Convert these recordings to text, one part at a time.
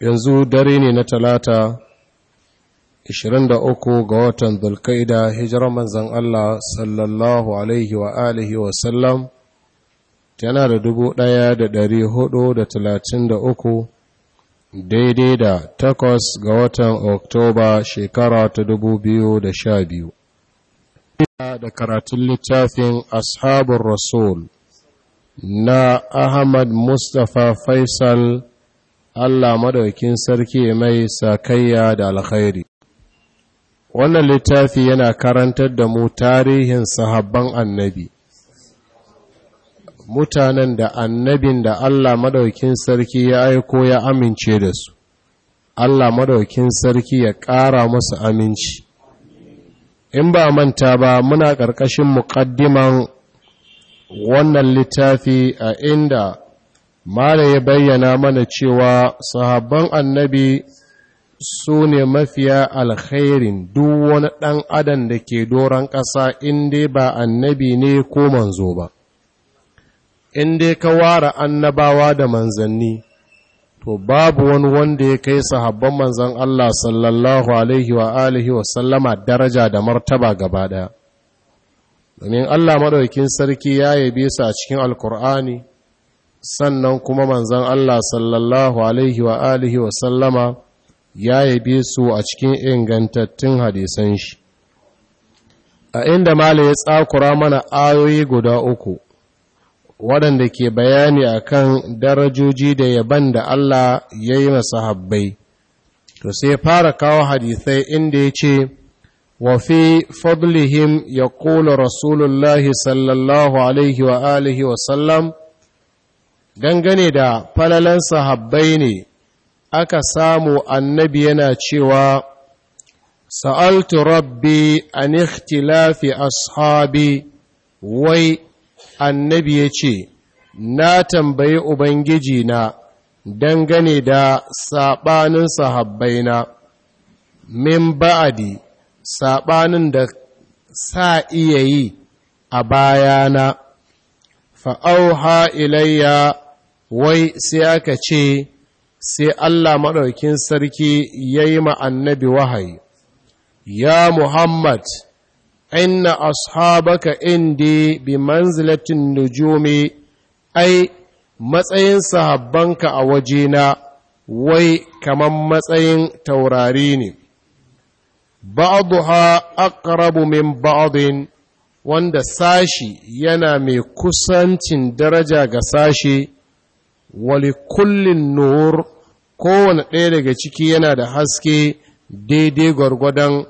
yanzu dare ne na talata 23 ga watan dulkaida hijirar manzan Allah sallallahu alaihi wa alihi wa sallam tana da uku, daidai da takwas ga watan oktoba shekara ta da sha biyu. da karatun littafin ashabun rasul na Ahmad Mustapha Faisal Allah madaukin sarki mai sakayya da alkhairi wannan littafi yana karantar da mu tarihin sahabban annabi mutanen da annabin da Allah madaukin sarki ya aiko ya amince da su Allah madaukin sarki ya ƙara musu aminci in ba manta ba muna ƙarƙashin muƙaddiman wannan littafi a inda mala ya bayyana mana cewa sahabban annabi su ne mafiya alkhairin duk wani ɗan adam da ke doron ƙasa inda ba annabi ne ko manzo ba inda ka ware annabawa da manzanni to babu wani wanda ya kai sahabban manzan Allah sallallahu alaihi wa alihi wa sallama daraja da martaba gaba ɗaya domin Allah maɗaukin sarki ya yabe su a cikin alkur'ani sannan kuma manzan Allah sallallahu alaihi wa alihi wa sallama ya yabe su a cikin ingantattun hadisan shi a inda mala ya tsakura mana ayoyi guda uku waɗanda ke bayani akan darajoji da yaban da Allah ya yi masa Habbai, to sai fara kawo hadisai inda ya ce وفي فضلهم يقول رسول الله صلى الله عليه وآله وسلم dangane da falalan sahabbai ne aka samu annabi yana cewa sa'altu rabbi an ikhtilafi ashabi wai annabi ya ce na tambayi ubangiji na dangane da saɓanin sahabbaina min ba'adi saɓanin da sa iya yi a bayana fa'auha ilayya wai sai aka ce sai Allah maɗaukin sarki ya yi annabi wahayi ya Muhammad inna ashabaka indi bi manzilatin nujumi ai matsayin sahabbanka a wajena wai kaman matsayin taurari ne ba'daha aqrabu min ba'din wanda sashi yana mai kusancin daraja ga sashi wali kullin nur kowane ɗaya daga ciki yana da haske daidai gwargwadon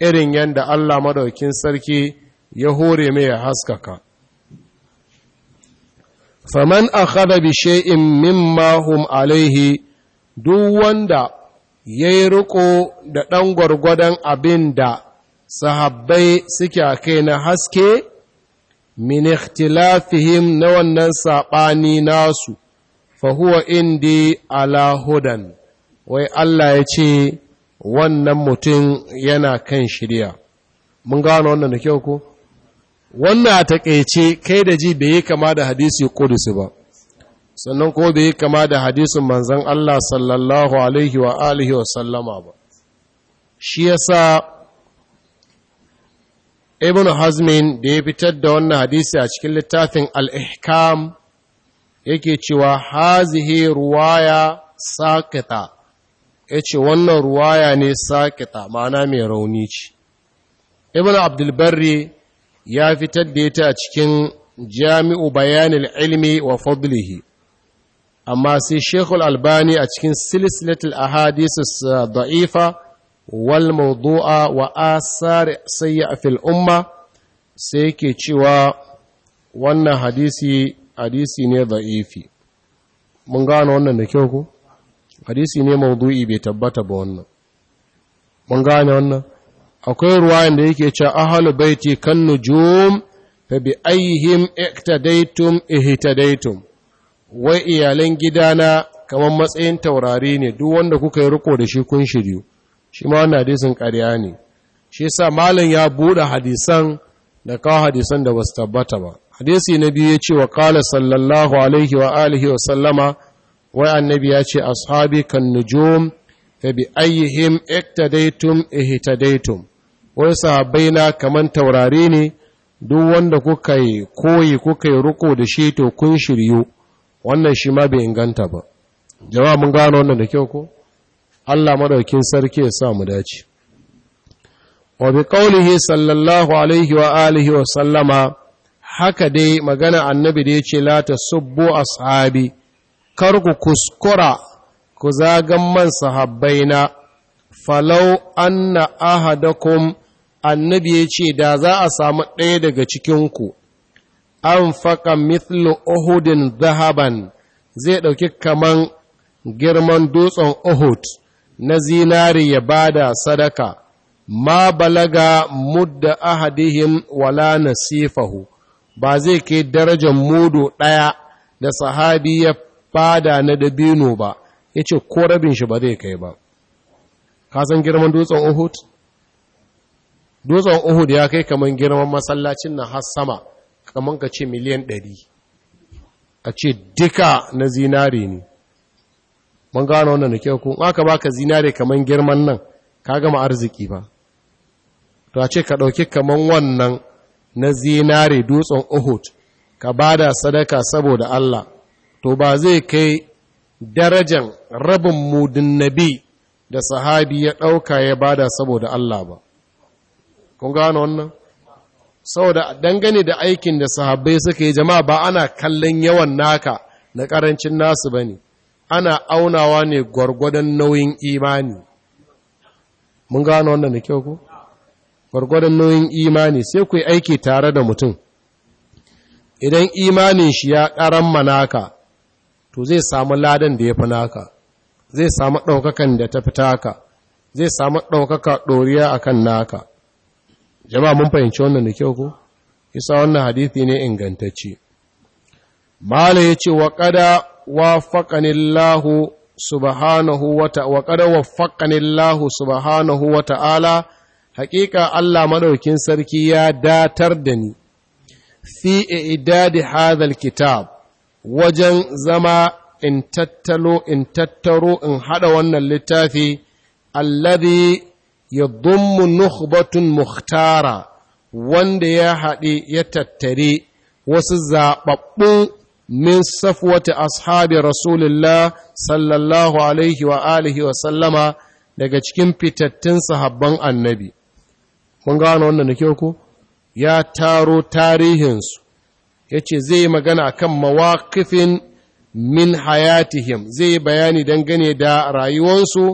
irin yadda Allah madaukin sarki ya hore mai ya haskaka. Faman akhadha bi shay'in mimma hum alaihi duk wanda ya yi riko da ɗan gwargwadon abin da sahabbai suke a kai na haske min ikhtilafihim na wannan saɓani nasu fahuwa indi ala hudan wai Allah ya ce wannan mutum yana kan shirya mun gano wannan da kyau ko wannan a taƙaice kai da ji bai yi kama da hadisi ƙudusi ba sannan ko yi kama da hadisin manzan Allah sallallahu alaihi wa alihi wa sallama ba shi ya sa ibn hazmin da ya fitar da wannan hadisi a cikin littafin al-ihkam yake cewa hazihi ruwaya sakita ce wannan ruwaya ne sakita ma'ana mai rauni ce ibn abdulbarri ya fitar da ita a cikin jami'u bayanil ilmi wa fadlihi amma sai shekul albani a cikin silisilatul ahadisus da'ifa wal mawdu'a wa asar sayya fil umma sai yake cewa wannan hadisi hadisi ne da'ifi mun gano wannan da kyau ku hadisi ne mawdu'i bai tabbata ba wannan mun gane wannan akwai ruwayan da yake cewa ahlul baiti kan nujum fa bi ayyihim ektadaitum, ihtadaitum wai iyalan gidana kamar matsayin taurari ne duk wanda kuka yi riko da shi kun shiryu shi ma wannan hadisin ƙarya ne shi yasa malam ya buɗe hadisan da kawo hadisan da basu tabbata ba hadisi na biyu ya ce wa qala sallallahu alaihi wa alihi wa sallama wai annabi ya ce ashabi kan nujum fa bi ayyihim iktadaytum ihtadaytum wai sahabbaina kamar taurari ne duk wanda kuka yi koyi kuka yi riko da shi to kun shiryu wannan shi ma bai inganta ba jama'a mun gano wannan da kyau ko Allah madaukin sarki ya sa mu dace wa bi qawlihi sallallahu alaihi wa alihi wa sallama haka dai magana annabi da yace la tasubbu ashabi kar ku kuskura ku zagan man sahabbaina falau anna ahadakum annabi yace da za a samu ɗaya daga cikin ku an faka mithlu uhudin zahaban zai ɗauki kaman girman dutsen Ohud na zinari ya bada sadaka ma balaga mudda ahadihim wala nasifahu ba zai kai darajar mudu ɗaya da sahabi ya fada na dabino ba ya ce ko rabin shi ba zai kai ba kasan san girman dutsen uhud dutsen uhud ya kai kamar girman masallacin na har sama kamar ka ce miliyan ɗari a ce duka na zinare ne mun gano wannan da kyau ko aka ka zinare kamar girman nan ka gama arziki ba to a ce ka ɗauki kamar wannan na zinare dutsen Uhud ka ba da sadaka saboda Allah to ba zai kai darajan rabin mudin nabi da sahabi ya ɗauka ya bada saboda Allah ba kun gano wannan saboda dangane da aikin da sahabbai suka yi jama'a ba ana kallon yawan naka na ƙarancin nasu ba ne ana aunawa ne gwargwadon nauyin imani mun gano wannan da kyau ku gwargwadon nauyin imani sai ku aiki tare da mutum idan imanin shi ya ƙaran manaka to zai samu ladan da ya fi naka zai samu ɗaukakan da ta fi taka zai samu ɗaukaka ɗoriya a kan naka jama'a mun fahimci wannan da kyau ko isa wannan hadithi ne ingantacce mala yace wa qada wafaqani Allah subhanahu wa ta'ala wa qada wafaqani Allah subhanahu wa ta'ala haqiqa Allah madaukin sarki ya datar da ni fi idadi hadhal kitab wajen zama in tattalo in tattaro in hada wannan littafi alladhi ya dummu nukhbatun wanda ya haɗe ya tattare wasu zaɓaɓɓun min safwata ashabi rasulullah sallallahu alaihi wa alihi wa sallama daga cikin fitattun sahabban annabi mun gano wannan da kyau ko ya taro tarihinsu ya ce zai magana akan mawakifin min hayatihim zai bayani dangane da rayuwansu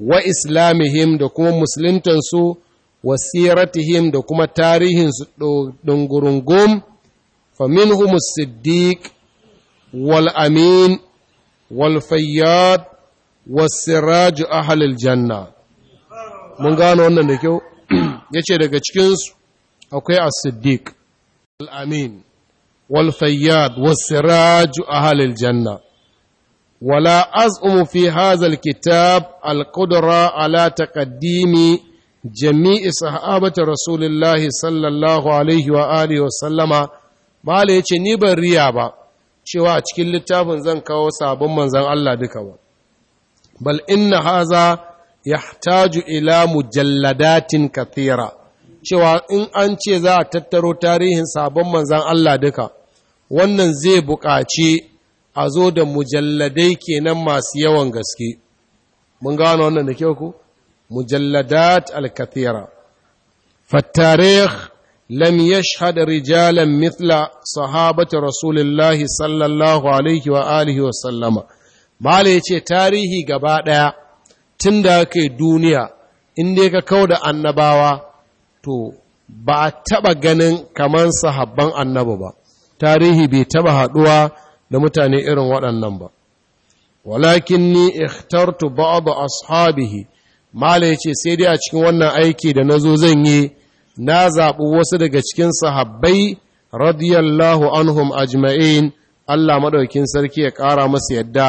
wa islamihim da kuma musuluntansu wa siratihim da kuma tarihinsu ɗungurungum faminhum siddiq wal amin wal fayyad wasiraju ahalil janna mun gano wannan da kyau ya ce daga cikinsu akwai as-siddiq al-amin wal fayyad wasiraju ahalil janna ولا أزعم في هذا الكتاب القدرة على تقديم جميع صحابة رسول الله صلى الله عليه وآله وسلم ba la ya ce ni ban riya ba cewa a cikin littafin zan kawo sabon manzan Allah duka ba bal inna haza yahtaju ila mujalladatin kathira cewa in an ce za a tattaro tarihin sabon manzan Allah duka wannan zai buƙaci a zo da mujalladai kenan masu yawan gaske mun gano wannan da kyau ku mujalladat al-kathira fattarikh لم يشهد رجالا مثل صحابة رسول الله صلى wa عليه وآله وسلم ce tarihi gaba ɗaya tun da كي duniya inda ka kau da annabawa to ba a taɓa ganin kaman sahabban annabi ba tarihi bai taɓa haɗuwa da mutane irin waɗannan ba walakin ni ikhtartu ba'd ashabihi mala ce sai dai a cikin wannan aiki da na zo zan yi na zaɓi wasu daga cikin sahabbai radiyallahu anhum ajma'in Allah maɗaukin sarki ya ƙara masa yadda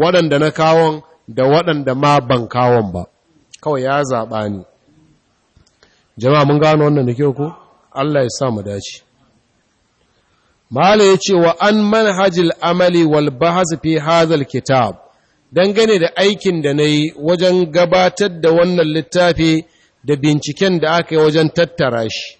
waɗanda na kawon da waɗanda ma ban kawon ba kawai ya zaɓa ni jama'a mun gano wannan da kyau ko Allah ya sa mu dace malam ya ce wa an manhajil amali wal bahaz fi hadhal kitab dangane da aikin da na yi wajen gabatar da wannan littafi da binciken da aka yi wajen tattara shi.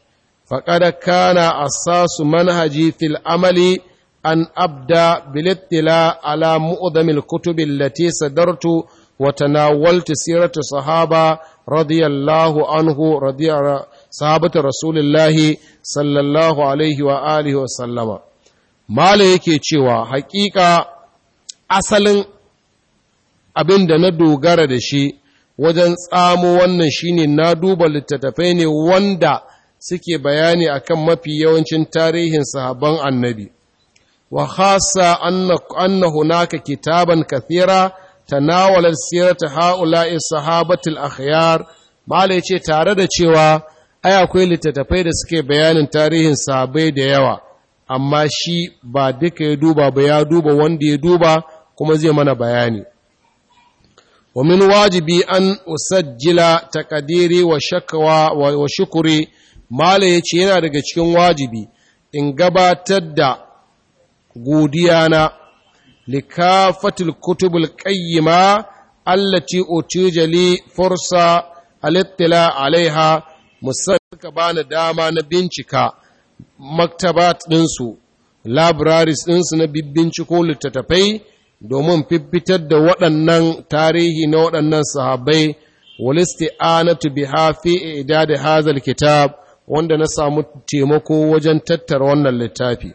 Faƙada kana asasu manhaji fil amali an abda bilittila ala mu'udamil kutubin lati sadartu wa tanawaltu siratu sahaba radiyallahu anhu radiyallahu sahabata rasulullahi sallallahu alaihi wa alihi wa sallama mala yake cewa hakika asalin abin da na dogara da shi wajen tsamo wannan shine na duba littattafai ne wanda suke bayani akan mafi yawancin tarihin sahaban annabi wa khassa anna hunaka kitaban kathira tanawala sirata haula'i sahabatul akhyar mala yace tare da cewa ai akwai littattafai da suke bayanin tarihin sahabbai da yawa amma shi ba duka ya duba ba ya duba wanda ya duba kuma zai mana bayani wa min wajibi an usajjila taqdiri wa shakwa wa shukri mala yace yana daga cikin wajibi in gabatar da na likafatul kutubul qayyima allati utijali fursa alittila alaiha musamman suka bani dama na bincika maktaba ɗinsu labiraris ɗinsu na binciko littattafai domin fifitar da waɗannan tarihi na waɗannan sahabai walisti anatu biha fi ida da hazal kitab wanda na samu taimako wajen tattara wannan littafi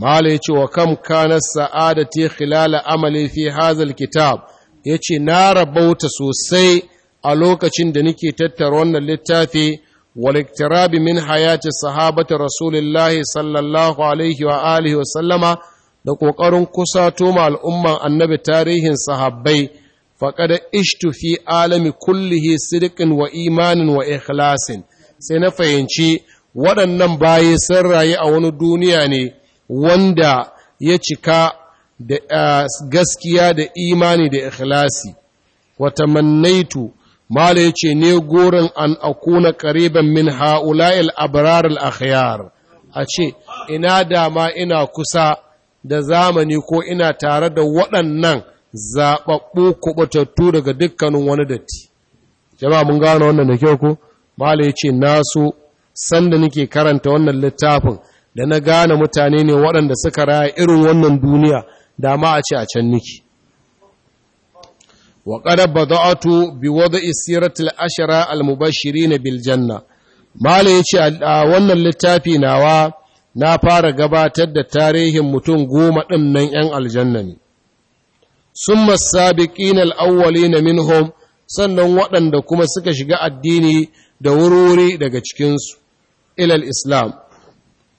mala yace wa kam kana sa'adati khilala amali fi hazal kitab yace na rabauta sosai a lokacin da nake tattara wannan littafi والاقتراب من حياة الصحابة رسول الله da ƙoƙarin kusa toma al'umman annabi tarihin sahabbai, faƙada ishtu fi alami kullihi sidikin wa imanin wa ikhlasin, sai na fahimci waɗannan baye sun rayu a wani duniya ne wanda ya cika da eh, gaskiya da imani da ikhlasi, wa tamannaitu Mala ya ce, Ne gorin an akuna ƙariban min ha'ula'il abirarul akhyar, a ce, Ina dama ina kusa da zamani ko ina tare da waɗannan zaɓaɓɓu kuɓatattu daga dukkanin wani datti. Jama'a mun gano wannan da kyau ko? Mala ya ce, Na so, sanda nake karanta wannan littafin, da na gane mutane ne waɗanda suka raya irin wannan duniya, dama a ce a can niki. wa qad bada'tu bi wada'i siratil ashira al mubashirin bil janna mala yace a wannan littafi nawa na fara gabatar da tarihin mutum goma ɗin nan ‘yan aljanna ne, sun masabiƙin al'awwali na minhum sannan waɗanda kuma suka shiga addini da wurwuri daga cikinsu, ilal Islam.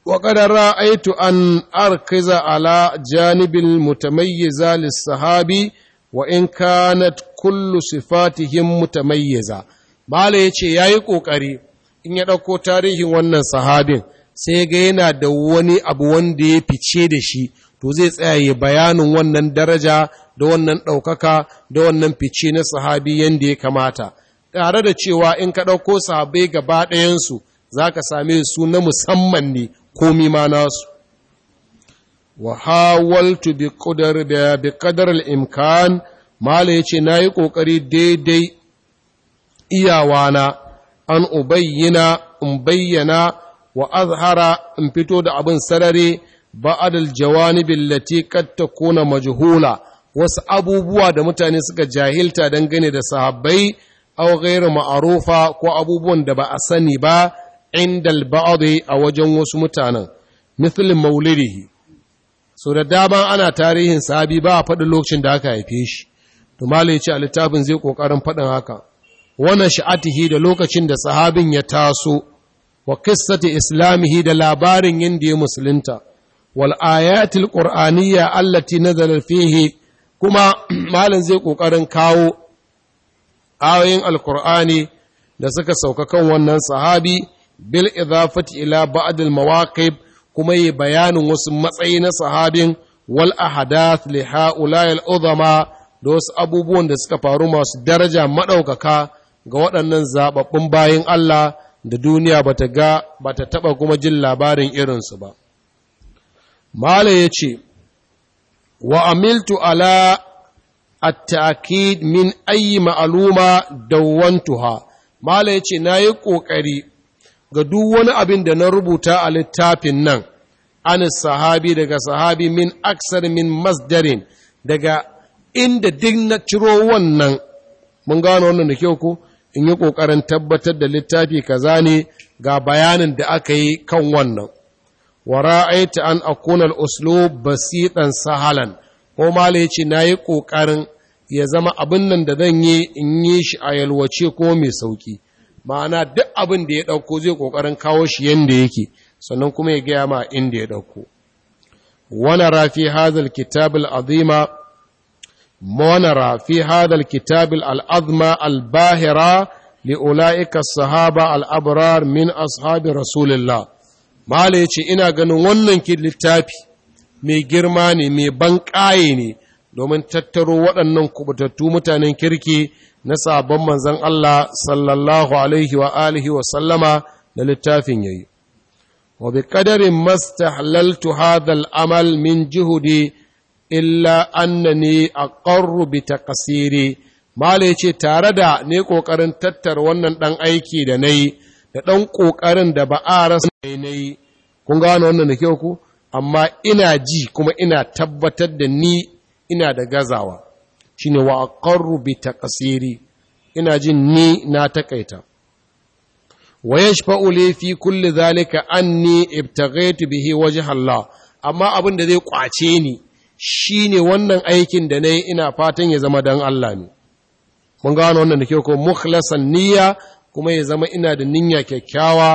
Wa ra'aitu an arkiza ala janibin mutamayyiza sahabi wa in kanat kullu sifatihim mutamayyiza mala yace yayi kokari in ya dauko tarihin wannan sahabin sai ga yana da wani abu wanda ya fice da shi to zai tsaya ya bayanin wannan daraja da wannan ɗaukaka da wannan fice na sahabi yanda ya kamata tare da cewa in ka ɗauko sahabai gaba ɗayansu za ka same su na musamman ne komi ma nasu wa hawaltu bi qadar da bi imkan mala yace nayi kokari daidai iyawana an ubayyana in bayyana wa azhara in fito da abin sarare ba'ad al jawanib allati kad takuna majhula wasu abubuwan da mutane suka jahilta dangane da sahabbai aw ghairu ma'arufa ko abubuwan da ba a sani ba inda al a wajen wasu mutanen mithlin maulidihi so da dama ana tarihin sahabi ba a faɗin lokacin da aka haife shi to ya ce a littafin zai ƙoƙarin faɗin haka wannan sha'atihi da lokacin da sahabin ya taso wa qissati islamihi da labarin yanda ya musulunta wal ayatil qur'aniyya allati nazala fihi kuma malam zai kokarin kawo ayoyin alqur'ani da suka sauka kan wannan sahabi bil idafati ila ba'd al mawaqib kuma yi bayanin wasu matsayi na sahabin wal ahadath li ha'ula'il uzama da wasu abubuwan da suka faru masu daraja maɗaukaka ga waɗannan zaɓaɓɓun bayan Allah da duniya bata ga bata taɓa kuma jin labarin irinsu ba. Mala ya ce, Wa amiltu ala at-ta'kid min ayyi ma'aluma dawwantuha Mala ya ce, Na yi ƙoƙari ga duk wani abin da na rubuta a littafin nan an sahabi daga sahabi min aksar min masdarin daga inda duk na ciro wannan mun gano wannan da kyau ko in yi ƙoƙarin tabbatar da littafi kaza ne ga bayanin da aka yi kan wannan wa ra'aita an akunan Oslo basiɗan sahalan ko mala na yi ƙoƙarin ya zama abin nan da zan yi in yi shi a yalwace ko mai sauki ma'ana duk abin da ya ɗauko zai ƙoƙarin kawo shi yadda yake sannan kuma ya gaya ma inda ya ɗauko kitabul azima هذا الكتاب العظيم ونرى في هذا الكتاب li ula'ika sahaba الصحابة الأبرار من أصحاب رسول الله ya ce ina ganin wannan littafi mai girma ne mai ƙaye ne domin tattaro waɗannan kubutattu mutanen kirki na sabon manzan Allah sallallahu alaihi wa alihi wa sallama da littafin yayi wa bi qadarin mastahlaltu hadha al-amal min juhudi illa annani aqarru bi taqsiri mala yace tare da ne ƙoƙarin tattar wannan ɗan aiki da nayi da ɗan ƙoƙarin da ba a rasa nayi kun gano wannan da kyau ku amma ina ji kuma ina tabbatar da ni ina da gazawa shine wa aqarru bi taqsiri ina jin ni na takaita wa yashfa'u li fi kulli dhalika anni ibtaghaytu bihi wajha Allah amma abin da zai kwace ni shine wannan aikin da nayi ina fatan ya zama dan Allah ne mun gano wannan da kyau ko mukhlasan niyya kuma ya zama ina da niyya kyakkyawa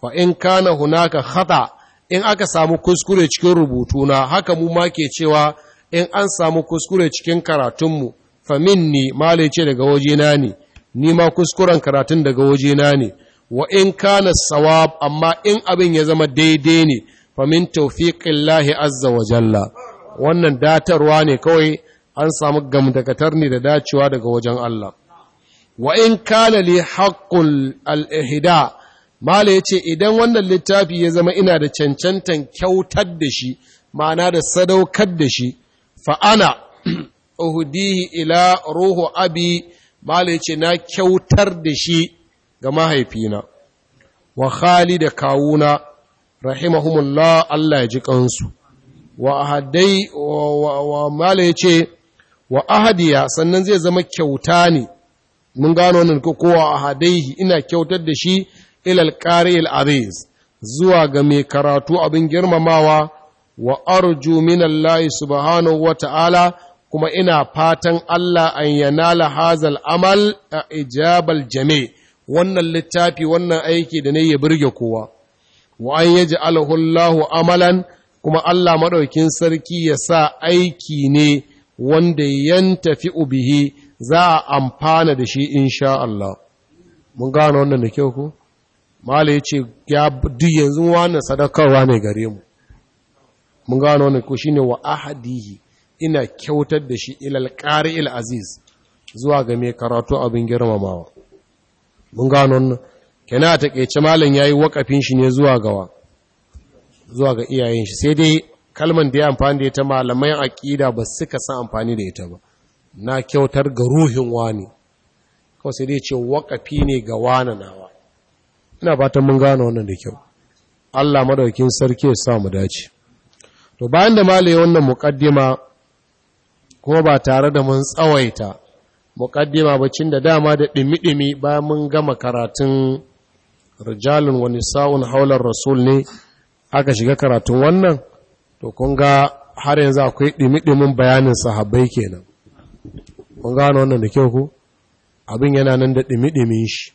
fa in kana hunaka khata in aka samu kuskure cikin rubutuna haka mu ma ke cewa in an samu kuskure cikin karatunmu famin ni malai ce daga wajena ne ni ma kuskuren karatun daga wajena ne wa in kana sawab amma in abin ya zama daidai ne famin lahi azza wa jalla wannan datarwa ne kawai an samu gamdakatar ne da dacewa daga wajen Allah wa in kana li haƙƙul al’ihida, ihda idan wannan littafi ya zama ina da cancantan kyautar da shi ma'ana da sadaukar da shi fa'ana uhudihi ila ruhu abi mala ce na kyautar da shi ga mahaifina wa khali da kawuna rahimahumullah Allah ya ji kansu wa ahadai wa mala ya ce wa ahadiya sannan zai zama kyauta ne mun gano nan ko kowa ahadaihi ina kyautar da shi ilal ƙari, al zuwa ga mai karatu abin girmamawa wa arju minallahi subhanahu wa ta'ala kuma ina fatan Allah an yanala hazal amal a ijabal jami wannan littafi wannan aiki da nayi ya burge kowa wa an yaj'alahu alhullahu amalan kuma Allah maɗaukin sarki ya sa aiki ne wanda yantafi tafi ubihi za a amfana da shi insha Allah mun gano wannan da kyau ku mala yace ya duk yanzu wannan sadakarwa ne gare mu mun gano wannan ko shine wa ahadihi ina kyautar da shi ilal ƙari aziz zuwa ga mai karatu abin girmamawa mun gano wannan kenan a takeice malam yayi wakafin shi ne zuwa gawa zuwa ga iyayen shi sai dai kalman da ya amfani da ita malamai aƙida ba suka san amfani da ita ba na kyautar ga ruhin wani kawai sai dai ce wakafi ne ga wani nawa ina fatan mun gano wannan da kyau Allah maɗaukin sarki ya sa mu dace to bayan da malaye wannan muƙaddima ko ba tare da mun tsawaita muƙaddima bacin da dama da ɗimi-ɗimi bayan mun gama karatun rijalun wani sa'un haular rasul ne aka shiga karatun wannan to kun ga har yanzu akwai ɗimi-ɗimin bayanin sahabbai kenan kun gano wannan da kyau ku abin yana nan da ɗimi-ɗimin shi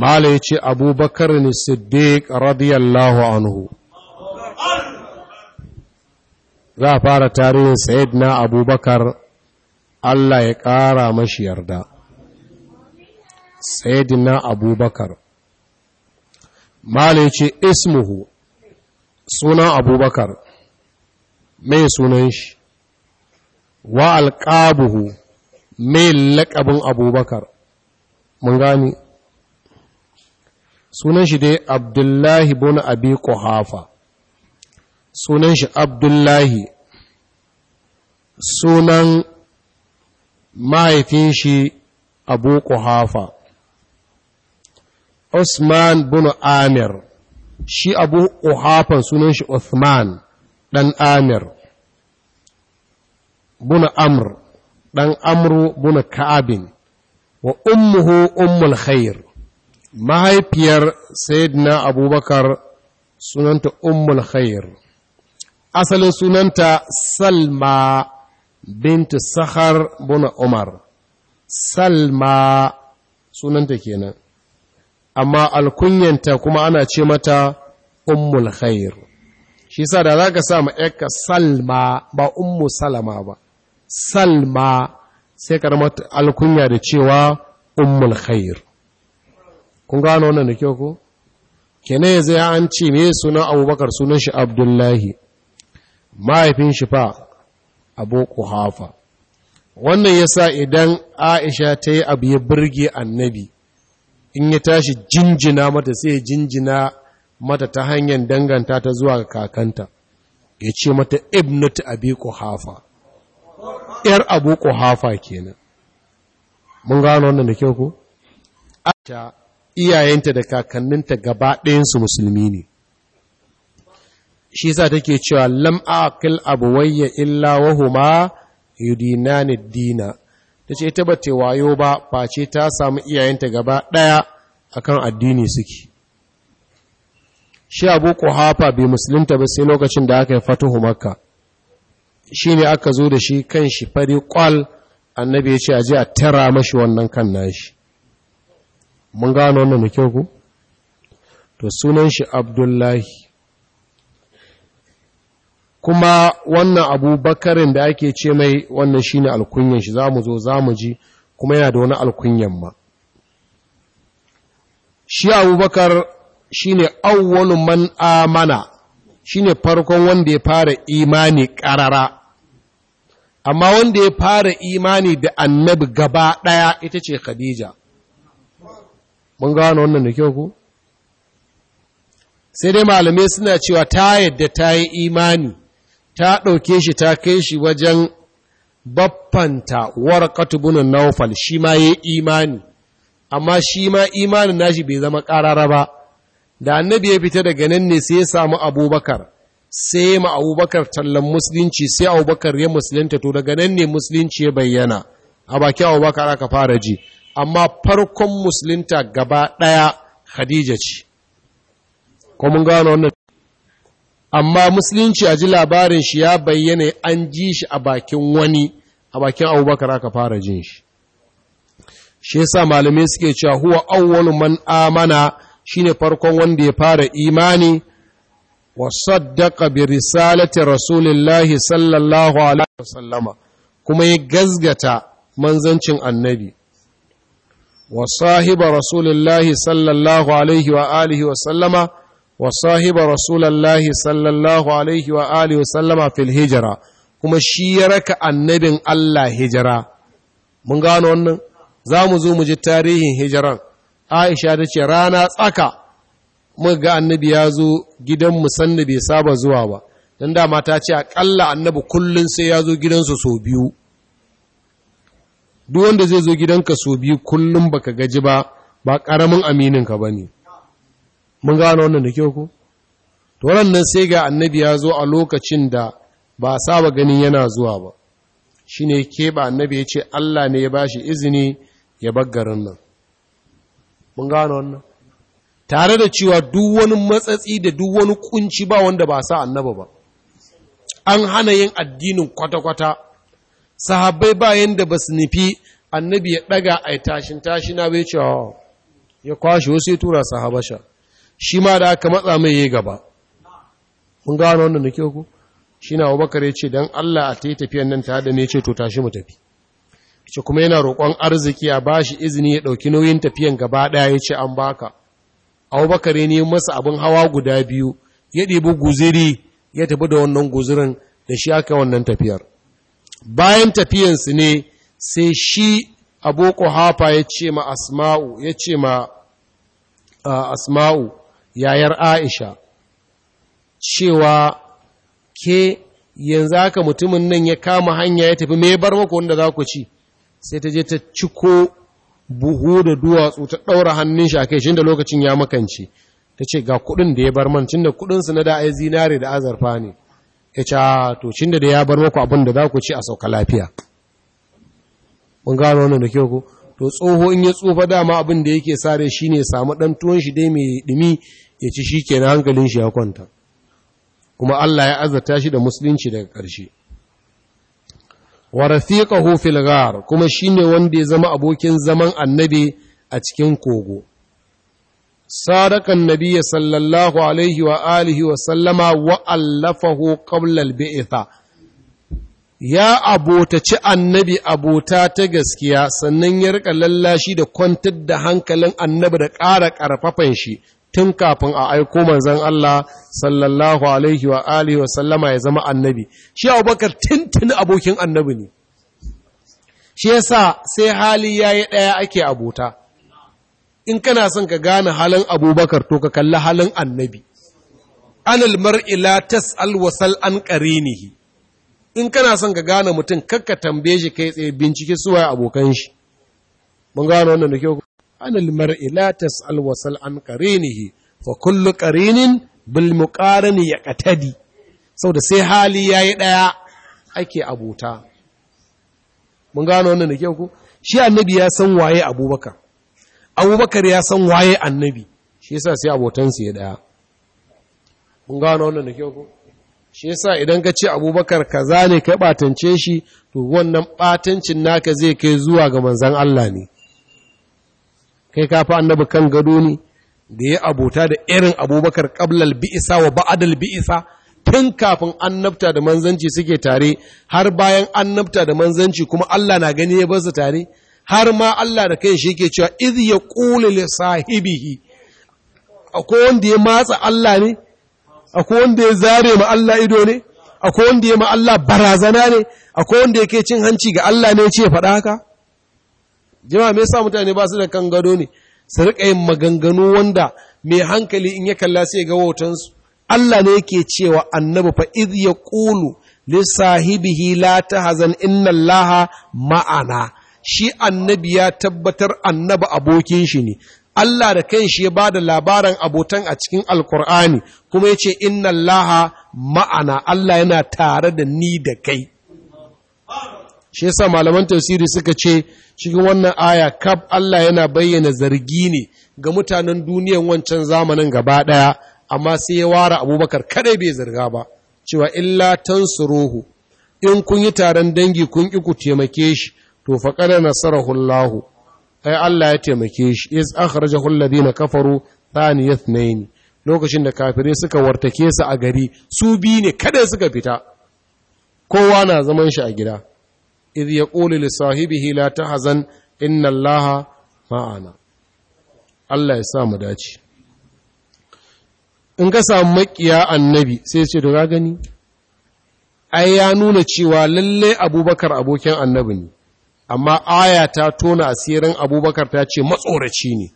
mala ce abubakar ne siddiq radiyallahu anhu za a fara tarihin sayid na abubakar Allah ya ƙara mashi yarda sayid na abubakar mala ce ismuhu sunan abubakar mai sunan shi wa alƙabuhu mai laƙabin abubakar mun gani sunan shi dai abdullahi bin abi kuhafa sunan shi abdullahi sunan mahaifin shi abu kuhafa Usman bin Amir shi abu kuhafa sunan shi Usman dan Amir bin Amr ɗan Amru bin Ka'abin wa ummuhu ummul khair mahaifiyar sayyidina abubakar sunanta ummul khair asalin sunanta salma bintu sahar buna umar salma sunanta kenan amma alkunyanta kuma ana ce mata ummul khair shi sa da za ka sa ma'aikka salma ba ummu salama ba salma sai ka mata alkunya da cewa ummul khair kun gano wannan da kyau ko ya zai an ce me sunan abubakar sunan shi abdullahi mahaifin shi fa abu hafa, wannan ya sa idan aisha ta yi abu ya birge annabi in ya tashi jinjina mata sai jinjina mata ta hanyar danganta ta zuwa kakanta ya ce mata ibnatu abi hafa, ‘yar abu kuhafa kenan mun gano wannan da kyau ko? ta iyayenta da kakanninta gaba ɗayansu musulmi ne shi sa take cewa lam aqil abwayya illa wa huma yudinani dina tace ita ba ta wayo ba face ta samu iyayenta gaba daya akan addini suke shi Abu Quhafa bai musulunta ba sai lokacin da aka yi fatuhu Makka shine aka zo da shi kan shi fari kwal annabi ya ce a je a tara mashi wannan kan nashi mun gano wannan kyau ku to sunan shi Abdullahi kuma wannan abubakarin da ake ce mai wannan shine alkunyan shi za mu zo za mu ji kuma yana da wani alkunyan ma shi abubakar shine awwalu man amana shine farkon wanda ya fara imani karara amma wanda ya fara imani da annabi gaba ɗaya ita ce khadija mun gano wannan da kyau ku sai dai malamai suna cewa ta yadda ta yi imani ta ɗauke shi ta kai shi wajen baffanta war katubunan naufal shi ma imani amma shi ma imanin nashi bai zama ƙarara ba da annabi ya fita daga nan ne sai ya samu abubakar sai ya ma abubakar tallan musulunci sai abubakar ya musulunta to daga nan ne musulunci ya bayyana a baki abubakar aka fara ji amma farkon musulunta gaba ɗaya khadija ce ko mun gano wannan amma musulunci a ji labarin shi ya bayyana an ji shi a bakin wani a bakin abubakar aka fara jin shi shi yasa malamai suke cewa huwa awwalu man amana shine farkon wanda ya fara imani wa saddaqa bi risalati rasulillahi sallallahu alaihi wasallama kuma ya gazgata manzancin annabi wa sahiba rasulillahi sallallahu alaihi wa alihi wasallama wa sahiba rasulallahi sallallahu alaihi wa alihi wa sallama fil hijira kuma shi ya raka annabin Allah hijira mun gano wannan za mu zo mu ji tarihin hijiran aisha ta ce rana tsaka muka ga annabi ya zo gidan musanna bai saba zuwa ba don dama ta ce akalla annabi kullum sai ya zo gidansu sau biyu duk wanda zai zo gidanka sau biyu kullum baka gaji ba ba ƙaramin amininka ba ne mun gano wannan da kyau ku to wannan sai ga annabi ya zo a lokacin da ba a saba ganin yana zuwa ba shine ba annabi ya ce Allah ne ya bashi izini ya baggarin nan mun gano wannan tare da cewa duk wani matsatsi da duk wani kunci ba wanda ba sa annaba ba an hana yin addinin kwata-kwata sahabbai bayan da ba su nufi annabi ya daga a tashin na bai cewa ya kwashe wasu ya tura sahabasha shi ma da aka matsa mai yi gaba mun gano wannan nake ke ku shi na abubakar ya ce don allah a ta yi tafiyan nan ta haɗa ne ce to tashi mu tafi ce kuma yana roƙon arziki a ba shi izini ya ɗauki nauyin tafiyan gaba ɗaya ya ce an baka abubakar ya nemi masa abin hawa guda biyu ya ɗibi guziri ya tafi da wannan guzirin da shi aka wannan tafiyar bayan tafiyansu ne sai shi abu hafa ma asma'u ya ce ma asma'u yayar Aisha cewa ke yanzu haka mutumin nan ya kama hanya ya tafi mai bar mako wanda za ku ci sai ta je ta ciko buhu da duwatsu ta ɗaura hannun shi a kai shi da lokacin ya makance ta ce ga kuɗin da ya bar man cin da kuɗinsu na da a zinare da azarfa ne ya ce to cin da ya bar mako abin za ku ci a sauka lafiya mun gano wannan da kyau ko to tsoho in ya tsufa dama abin da yake sare shi ne samu ɗan tuwon shi dai mai ɗumi ya ci shi kenan hankalin shi ya kwanta kuma Allah ya azata shi da musulunci daga ƙarshe warafi rafiqahu filgar kuma shi ne wanda ya zama abokin zaman annabi a cikin kogo sadakan ya sallallahu alaihi wa alihi wa sallama wa allafahu qabla al ya abotaci annabi abota ta gaskiya sannan ya rika lallashi da kwantar da hankalin annabi da ƙara ƙarfafan shi tun kafin a aiko manzan Allah sallallahu alaihi wa alihi wa sallama ya zama annabi shi Abubakar tuntun abokin annabi ne shi yasa sai hali yayi daya ake abota in kana son ka gane halin Abubakar to ka kalli halin annabi anal mar'i la tas'al wa sal an qarinihi in kana son ka gane mutum kakka tambaye shi kai tsaye bincike suwaye abokan shi mun gano wannan da kyau anil mar'i la tas'al wasal an qarinihi fa kullu qarinin bil muqarani yaqtadi saboda sai hali yayi daya ake abota. mun gano wannan da kyau ko shi annabi ya san waye abubakar abubakar ya san waye annabi shi yasa sai abotansa ya daya mun gano wannan da kyau ko shi yasa idan ka ce abubakar kaza ne ka batance shi to wannan batancin naka zai kai zuwa ga manzan Allah ne kai ka annabi kan gado ne da ya abota da irin abubakar qablal bi'isa wa ba'adal bi'isa tun kafin annabta da manzanci suke tare har bayan annabta da manzanci kuma Allah na gani ya basu tare har ma Allah da kai shi ke cewa ya yaqulu li sahibihi akwai wanda ya matsa Allah ne akwai wanda ya zare ma Allah ido ne akwai wanda ya ma Allah barazana ne akwai wanda yake cin hanci ga Allah ne ya ce faɗa haka jima me yasa mutane ba su da kan gado ne su rika yin maganganu wanda mai hankali in ya kalla sai ga wautansu Allah ne yake cewa annabi fa ya ƙulu li sahibihi la tahzan inna Laha ma'ana shi annabi ya tabbatar annabi abokin shi ne Allah da kanshi ya ba da labaran abotan a cikin Alkur'ani kuma ya ce, Inna Laha ma'ana Allah yana tare da ni da kai, shi yasa malaman tafsiri suka ce cikin wannan aya kab Allah yana bayyana zargi ne ga mutanen duniyan wancan zamanin gaba ɗaya amma sai ya ware abubakar kadai bai zarga ba cewa illa tansuruhu in kun yi taron dangi kun ƙi ku taimake shi to faƙada nasarahu Allah ai Allah ya taimake shi iz akhrajahu alladhina kafaru thani ithnain lokacin da kafirai suka wartake su a gari su bi ne kada suka fita kowa na zaman shi a gida إذ يقول لصاحبه لا تحزن إن inna معنا ma'ana Allah ya sa mu dace in ka samu makiya annabi sai ce da gani ai ya nuna cewa lalle abubakar abokin annabi ne amma aya ta tona asirin abubakar ta ce matsoraci ne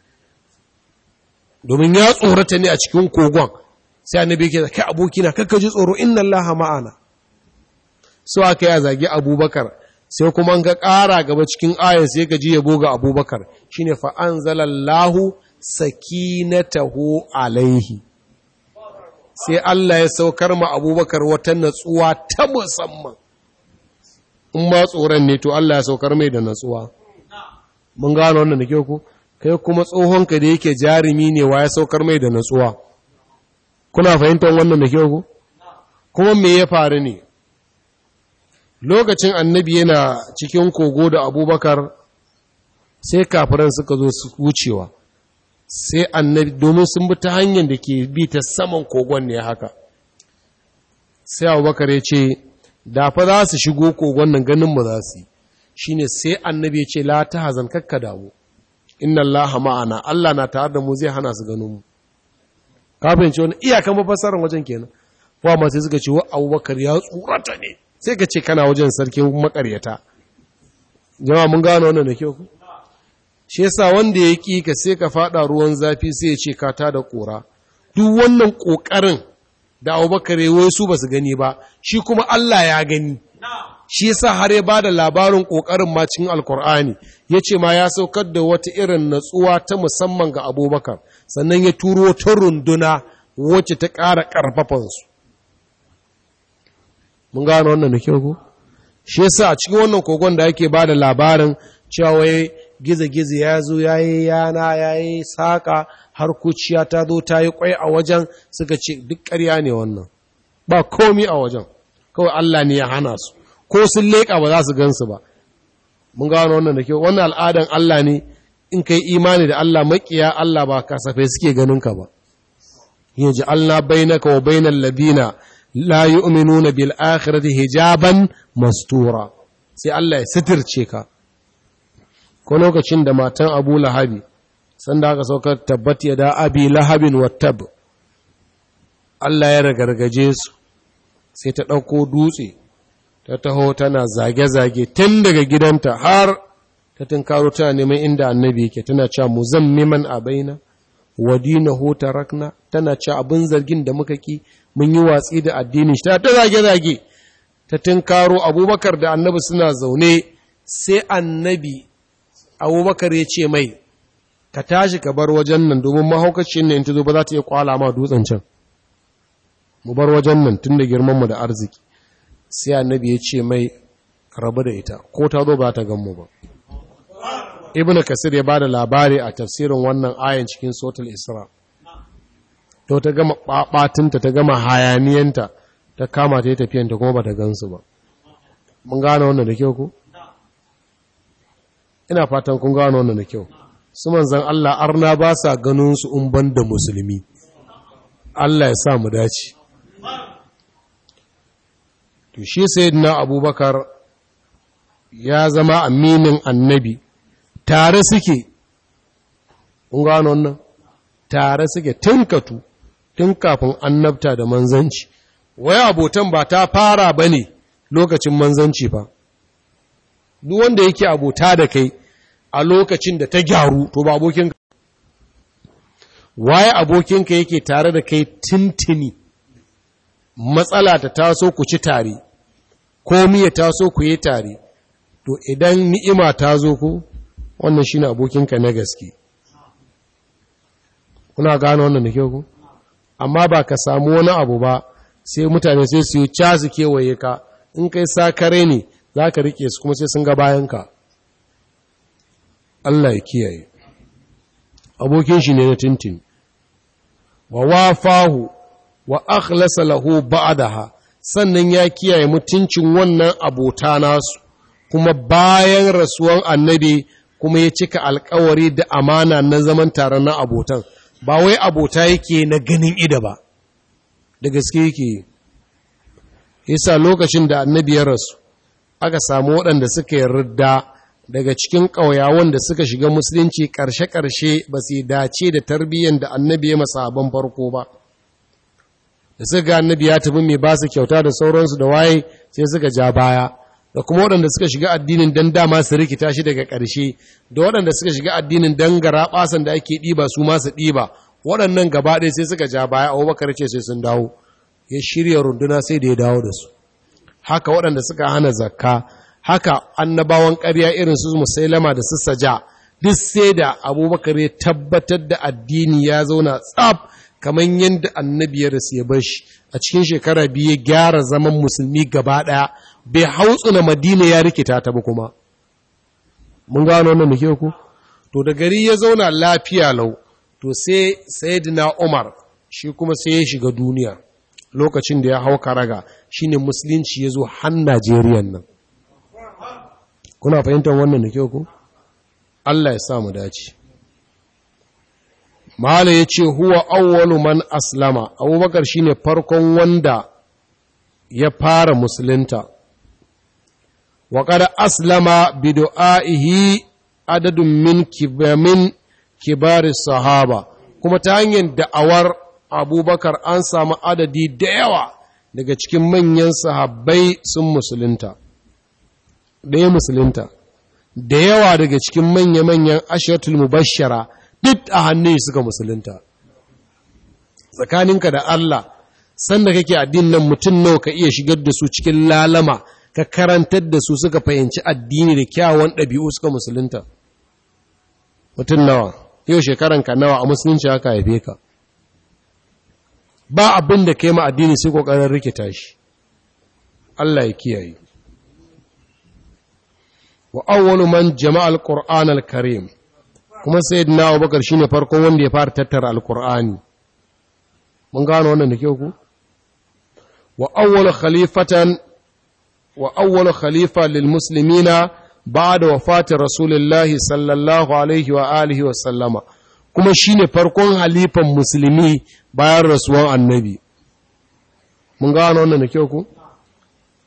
domin ya tsorata ne a cikin kogon sai annabi ke kai abokina kakkaji ji tsoro inna allaha ma'ana so aka ya zagi abubakar sai kuma ga ƙara gaba cikin ayin sai gaji yabo ga abubakar Shi ne fa anzalallahu sakinatahu alaihi sai Allah ya saukar ma abubakar wata natsuwa ta musamman in ma tsoron ne to Allah ya saukar mai da natsuwa mun gano wannan da ku kai kuma tsohonka da yake jarumi ne wa ya saukar mai da natsuwa kuna fahimtar wannan da ku kuma me ya faru ne lokacin annabi yana cikin kogo da abubakar sai kafiran suka zo su wucewa sai annabi domin sun bi ta hanyar da ke bi ta saman kogon ne haka sai abubakar ya ce da fa za su shigo kogon nan ganin mu za su yi shine sai annabi ya ce la ta hazan kakka damu inna allaha ma'ana allah na tare da mu zai hana su ganin mu kafin ce wani iyakan mafasarar wajen kenan wa masu suka ce wa abubakar ya tsurata ne sai ka ce kana wajen sarki makaryata jama mun gano wannan da kyau ku shi yasa wanda ya ƙi ka sai ka faɗa ruwan zafi sai ya ce ka ta da ƙura duk wannan ƙoƙarin da abubakar ya wai su ba su gani ba shi kuma Allah ya gani shi yasa har ya bada labarin ƙoƙarin ma cikin alkur'ani ya ce ma ya saukar da wata irin natsuwa ta musamman ga abubakar sannan ya turo ta runduna wacce ta ƙara ƙarfafansu mun gano wannan da kyau ko shi yasa a cikin wannan kogon da ake ba da labarin cewa wai gizo-gizo ya zo ya yi yana ya yi saƙa har kuciya ta zo ta yi kwai a wajen suka ce duk ƙarya ne wannan ba komi a wajen kawai Allah ne ya hana su ko sun leƙa ba za su gansu ba mun gano wannan da kyau wannan al'adan Allah ne in kai imani da Allah maƙiya Allah ba kasafai suke ganin ka ba yanzu Allah bainaka wa bainal ladina la yu'minuna bil akhirati hijaban mastura sai Allah ya sitirce ka ko lokacin da matan Abu Lahabi sanda aka sauka tabbat ya da abi lahabin wattab Allah ya ragargaje su sai ta ɗauko dutse ta taho tana zage-zage tun daga gidanta har ta tunkaro tana neman inda annabi yake tana cewa muzammiman abaina hota rakna, tana cewa abin zargin da muka ki mun yi watsi da addini shi ta zage-zage ta tunkaro abubakar da annabi suna zaune sai annabi abubakar ya ce mai ka tashi ka bar wajen nan domin mahaukacin ne in ta zo ba za ta iya kwala ma dutsen can mu bar wajen nan tun da girmanmu da arziki sai annabi ya ce mai rabu da ita ko ta zo ba ta ganmu ba ibnu kasir ya bada labari a tafsirin wannan ayan cikin sotul isra to ta gama ɓaɓatinta ta gama hayaniyanta ta kama ta yi tafiyanta kuma ba ta gansu ba mun gane wannan da kyau ku ina fatan kun gane wannan da kyau su manzan Allah arna ba sa ganin su in da musulmi Allah ya sa mu dace to shi sayyidina abubakar ya zama aminin annabi tare suke kun gano wannan tare suke tinkatu tun kafin annabta da manzanci waya abotan ba ta fara ba ne lokacin manzanci ba duk wanda yake abota da kai a lokacin da ta gyaru to ba abokinka waye abokinka yake tare da kai tintini matsala ta taso ku ci tare komi ya taso ku yi tare to idan ni'ima ta zo ku wannan shine abokinka na gaske kuna gano wannan da kyau ku amma ba ka samu wani abu ba sai mutane sai su yi casu kewaye ka in kai kare ne za ka rike su kuma sai sun ga bayanka Allah ya kiyaye abokin shi ne na tintin wa wafahu wa akhlasa lahu ba'daha sannan ya kiyaye mutuncin wannan abota nasu kuma bayan rasuwan annabi kuma ya cika alkawari da amana na zaman tare na abotan ba wai abota yake na ganin ida ba da gaske yake yasa lokacin da annabi ya rasu aka samu waɗanda suka yarda daga cikin ƙauyawan da suka shiga musulunci ƙarshe-ƙarshe ba su dace da tarbiyyar da annabi ya abin farko ba da suka ga annabi ya tafi mai ba su kyauta da sauransu da waye sai suka ja baya da kuma waɗanda suka shiga addinin don dama su rikita shi daga ƙarshe da waɗanda suka shiga addinin don gara ɓasan da ake ɗiba su masu ɗiba waɗannan gaba ɗaya sai suka ja baya abubakar ce sai sun dawo ya shirya runduna sai da ya dawo da su haka waɗanda suka hana zakka haka annabawan ƙarya irin su musailama da su ja. duk sai da abubakar ya tabbatar da addini ya zauna tsaf kamar yadda annabi ya rasu ya bar shi a cikin shekara biyu ya gyara zaman musulmi gaba ɗaya bai hautsuna madina ya rikita ta ba kuma mun gano wannan muke ku to da gari ya zauna lafiya lau to sai sayyidina umar shi kuma sai ya shiga duniya lokacin da ya hau karaga shine musulunci ya zo har Najeriya nan kuna fahimtar wannan da kyau ku Allah ya sa mu dace Mala ya ce huwa awwalu man aslama Abubakar shine farkon wanda ya fara musulunta Waƙar qad aslama bi du'aihi adadun min kibamin kibari sahaba kuma ta hanyar da'awar abubakar an samu adadi da yawa daga cikin manyan sahabbai sun musulunta ɗaya musulunta da yawa daga cikin manya-manyan ashiratul mubashara duk a hannun suka musulunta tsakaninka da Allah sanda kake addinin mutum nawa ka iya shigar da su cikin lalama ka karantar da su suka fahimci addini da kyawun ɗabi'u suka musulunta mutum nawa yau shekaranka nawa a musulunci haka haife ka ba abin da ka ma addini sai ƙoƙarin rikita shi Allah ya kiyaye wa awwalu man jama'a al-Qur'an al-Karim kuma sayyidina Abubakar shine farkon wanda ya fara tattara al-Qur'ani mun gano wannan da kyau ku wa awwalu khalifatan wa awwalu khalifa lil muslimina ba'da wafati rasulullah sallallahu alaihi wa alihi wa sallama kuma shine farkon halifan musulmi bayan rasuwan annabi mun gano wannan da kyau ku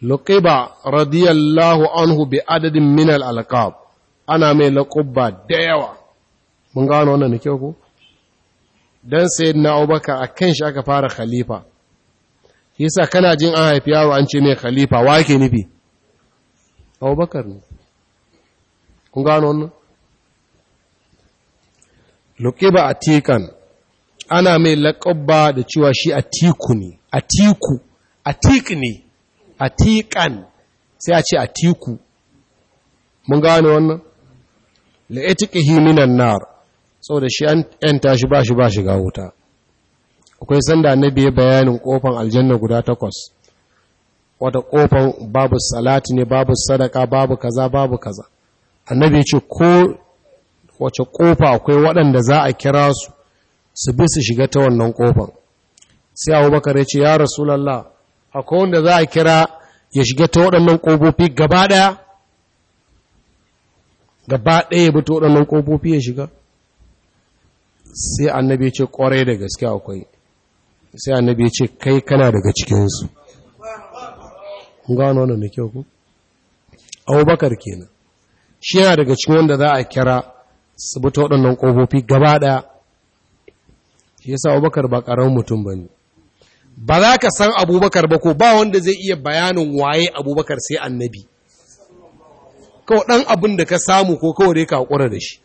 luqiba radiyallahu anhu bi adadin min al alqab ana mai laqaba da yawa mun gano wannan da kyau ku dan abubakar akan shi aka fara khalifa yasa kana jin an haifi yaro an ce mai khalifa wa ke nufi abubakar ne kun gano wannan lokiba atikan ana mai laƙabba da cewa shi atiku ne atiku atik ne atikan sai a ce atiku mun gano wannan la'itiqihi minan nar saboda shi an yanta shi ba shi ga wuta akwai sanda annabi ya bayanin kofan aljanna guda takwas wata kofan babu salati ne babu sadaka babu kaza babu kaza annabi ya ce ko wace kofa akwai waɗanda za a kira su su bi su shiga ta wannan kofan sai abubakar ya ce ya rasulallah akwai wanda za a kira ya shiga ta waɗannan ƙofofi gaba ɗaya gaba ɗaya ya bi ta waɗannan ƙofofi ya shiga sai annabi ya ce ƙwarai da gaske akwai sai annabi ya ce kai kana daga cikinsu gano wannan da kyau ku abubakar kenan shi yana daga cikin wanda za a kira su bi ta waɗannan ƙofofi gaba ɗaya shi yasa abubakar ba ƙaramin mutum ba ne ba za ka san abubakar ba ko ba wanda zai iya bayanin waye abubakar sai annabi kawai ɗan abin da ka samu ko kawai dai ka haƙura da shi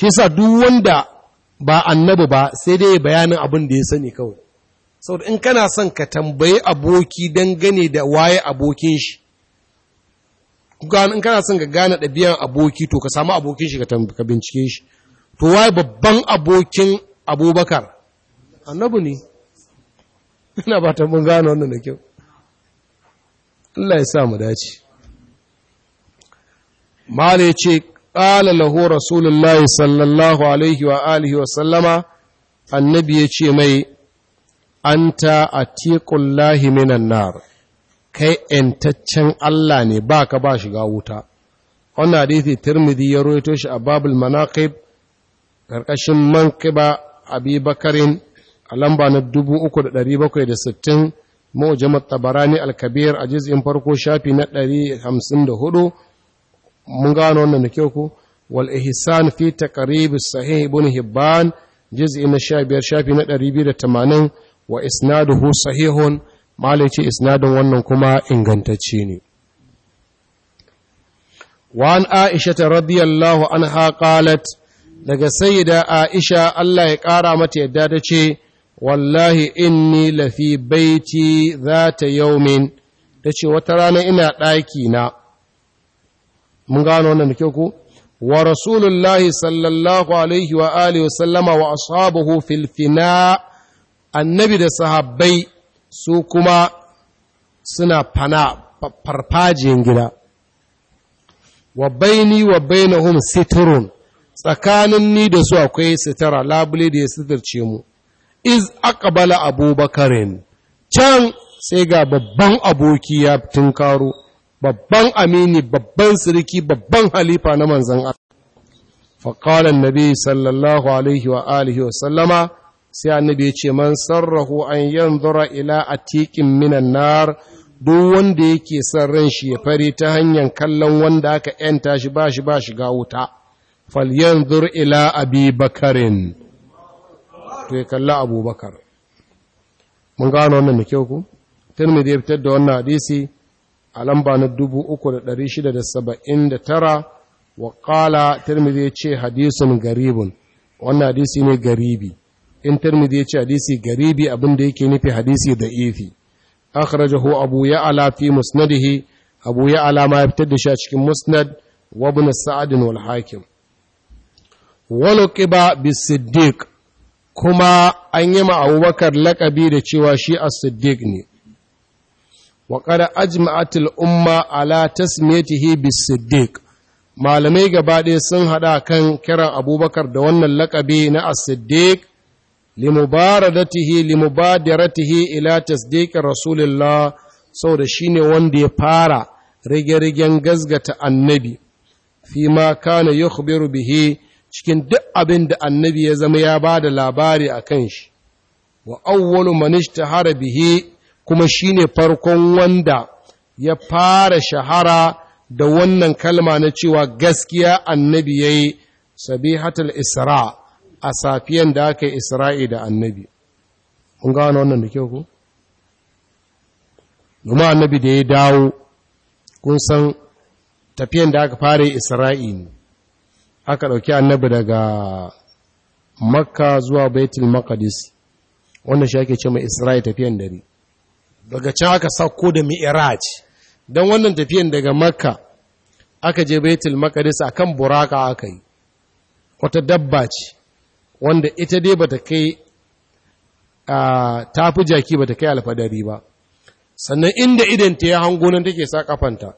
shi sa duk wanda ba annabi ba sai dai bayanin abin da ya sani kawai saboda in kana son ka tambayi aboki don gane da waye abokin shi in kana son ka gane ɗabi'an aboki to ka samu abokin shi ka bincike shi to waye babban abokin abubakar annabi ne ina ba ta mun gane wannan da kyau Allah ya sa mu dace mala ya ce ƙala lahu rasulullahi sallallahu alaihi wa wa sallama annabi ya ce mai anta atiqullahi minan nar kai entaccen Allah ne ba ka ba shiga wuta wannan hadisi tirmidhi ya rawaito shi a babul manaqib karkashin manqiba abi bakarin a lamba na 3760 mu'jam at-tabarani al-kabir a juz'in farko shafi na hudu. mun gano wannan da kyau ku wal ihsan fi taqrib sahih ibn hibban juz'i na 15 shafi na 280 wa isnaduhu sahihun malai isnadin wannan kuma ingantacce ne Wan Aisha ta الله An قالت daga sayyida Aisha Allah ya ƙara mata yadda ta ce wallahi inni lafi baiti zata yau min, ta ce wata rana ina ɗaki na mun gano wannan da kyau ko wa rasulullahi sallallahu alaihi wa alihi sallama wa ashabuhu fil fina annabi da sahabbai su kuma suna fana farfajin gida wa baini wa bainahum sitrun tsakanin ni da su akwai sitara labule da ya sitarce mu iz aqbala abubakarin can sai ga babban aboki ya tunkaro babban amini babban siriki babban halifa na manzan Allah faƙalan nabi sallallahu alaihi wa alihi wa sallama sai annabi ya ce man sarrahu an yanzura ila atiqin minan nar duk wanda yake son ran shi ya fari ta hanyar kallon wanda aka yanta shi ba shi ba ga wuta yanzur ila abi bakarin to ya kalla abubakar mun gano wannan da kyau ku tirmidhi ya fitar da wannan hadisi a lamba na 3679 wa qala tirmidhi ya ce hadisun garibun wannan hadisi ne garibi in tirmidhi ya ce hadisi garibi abinda yake nufi hadisi da ifi akhrajahu abu ya'la fi musnadihi abu ya'la ma fitar da shi a cikin musnad wa ibn sa'd wal hakim waluqiba bis siddiq kuma an yi ma abubakar laƙabi da cewa shi as-siddiq ne wa kada ajma'atul umma ala tasmiyatihi malamai gaba ɗaya sun haɗa kan kiran abubakar da wannan laƙabi na as-siddiq limubaradatihi limubadaratihi ila tasdiqir rasulillah saboda shine wanda ya fara rige-rigen gazgata annabi fi ma kana yukhbiru bihi cikin duk abin da annabi ya zama ya ba da labari a kan shi wa awwalu man ishtahara bihi kuma shi ne farkon wanda ya fara shahara da wannan kalma na cewa gaskiya annabi ya yayi sabihatul isra a safiyan da aka yi isra'i da annabi kun gano wannan da kyau ku Numa annabi da ya dawo kun san tafiyan da aka fara yi isra'i ne aka ɗauki annabi daga makka zuwa baitul makadis wanda shi ake ce mai isra'i tafiyan dare daga can aka sauko da mi'iraj don wannan tafiyan daga makka aka je baitul a akan buraka aka yi wata dabba ce wanda ita dai bata kai ta fi jaki bata kai alfadari ba sannan inda idanta ya hango nan take sa kafanta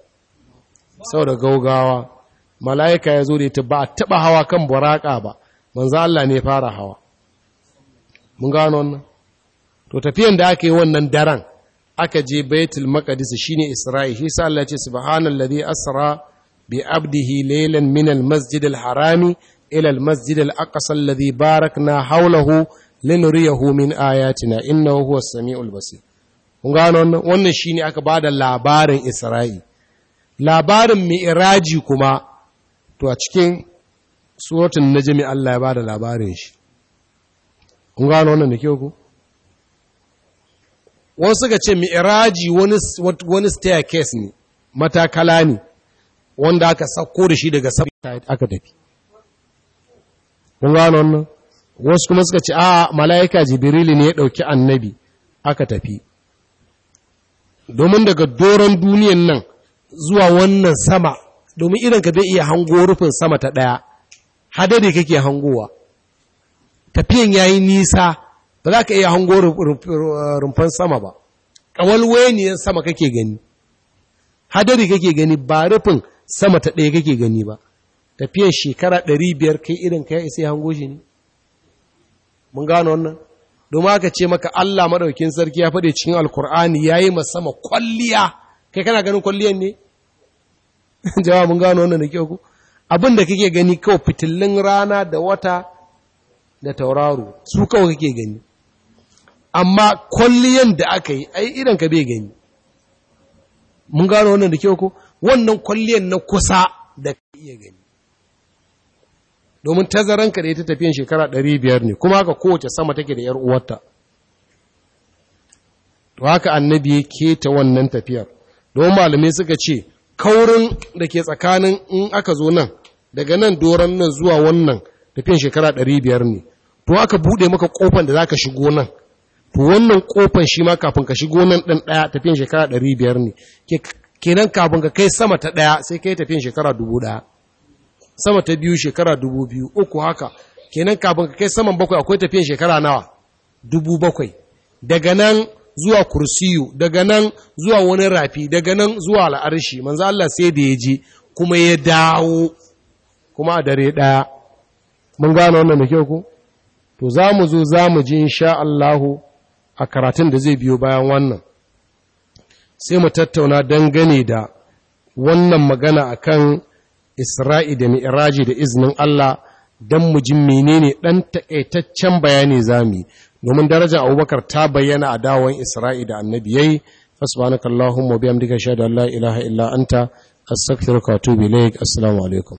da gaugawa mala'ika ya zo da ita ba a taba hawa kan buraka ba manzo Allah ne fara hawa mun gano wannan to tafiyan da aka yi wannan daren aka je baitul maqdis shine isra'i shi sa Allah ya ce subhanallazi asra bi abdihi laylan min al-masjid al-harami ila al-masjid al-aqsa alladhi barakna hawlahu linuriyahu min ayatina innahu huwas samiul basir kun ga wannan wannan shine aka bada labarin isra'i labarin mi'raji kuma to a cikin suratul najmi Allah ya bada labarin shi kun ga wannan da ke ku wani suka ce mi'iraji wani staircase ne matakala ne wanda aka sako da shi daga aka tafi kun gano wannan wasu kuma suka ce a mala'ika jibirili ne ya ɗauki annabi aka tafi domin daga doron duniyan nan zuwa wannan sama domin idan ka bai iya hango rufin sama ta ɗaya hadari kake hangowa tafiyan ya nisa ba za ka iya hango rumfan sama ba ƙawalweniyar sama kake gani hadari kake gani ba rufin sama ta ɗaya kake gani ba tafiyar shekara ɗari biyar kai irin ka ya isa hango shi ne mun gano wannan domin aka ce maka Allah maɗaukin sarki ya faɗe cikin alkur'ani ya yi sama kwalliya kai kana ganin kwalliyan ne Jawa mun gano wannan da kyau ku abin da kake gani kawai fitillin rana da wata da tauraro su kawai kake gani amma kwalliyan da aka yi ai idan ka bai gani mun gano wannan da kyau ko wannan kwalliyan na kusa da ka iya gani domin tazaranka da ita tafiyan shekara 500 ne kuma haka kowace sama take da 'yar uwarta to haka annabi ya ta wannan tafiyar domin malamai suka ce kaurin da ke tsakanin in aka zo nan daga nan doron nan zuwa wannan tafiyan shekara 500 ne to haka buɗe maka kofan da zaka shigo nan To wannan kofan shi ma kafin ka shigo nan ɗan ɗaya tafiyan shekara ɗari biyar ne kenan kafin ka kai sama ta ɗaya sai kai tafiyan shekara dubu ɗaya sama ta biyu shekara dubu biyu uku haka kenan kafin ka kai saman bakwai akwai tafiyan shekara nawa dubu bakwai daga nan zuwa kursiyu daga nan zuwa wani rafi daga nan zuwa al'arshi manzo Allah sai da ya je kuma ya dawo kuma a dare ɗaya mun gano wannan da kyau ko? to za mu zo za mu ji insha Allahu a karatun da zai biyo bayan wannan sai mu tattauna dangane da wannan magana akan isra'i da mi'raji da izinin Allah don mu ji menene ɗan taƙaitaccen bayani zami domin daraja abubakar ta bayyana a dawon isra'i da annabi yayi fasbanaka duka biyamdika da Allah ilaha illa anta assalamu alaikum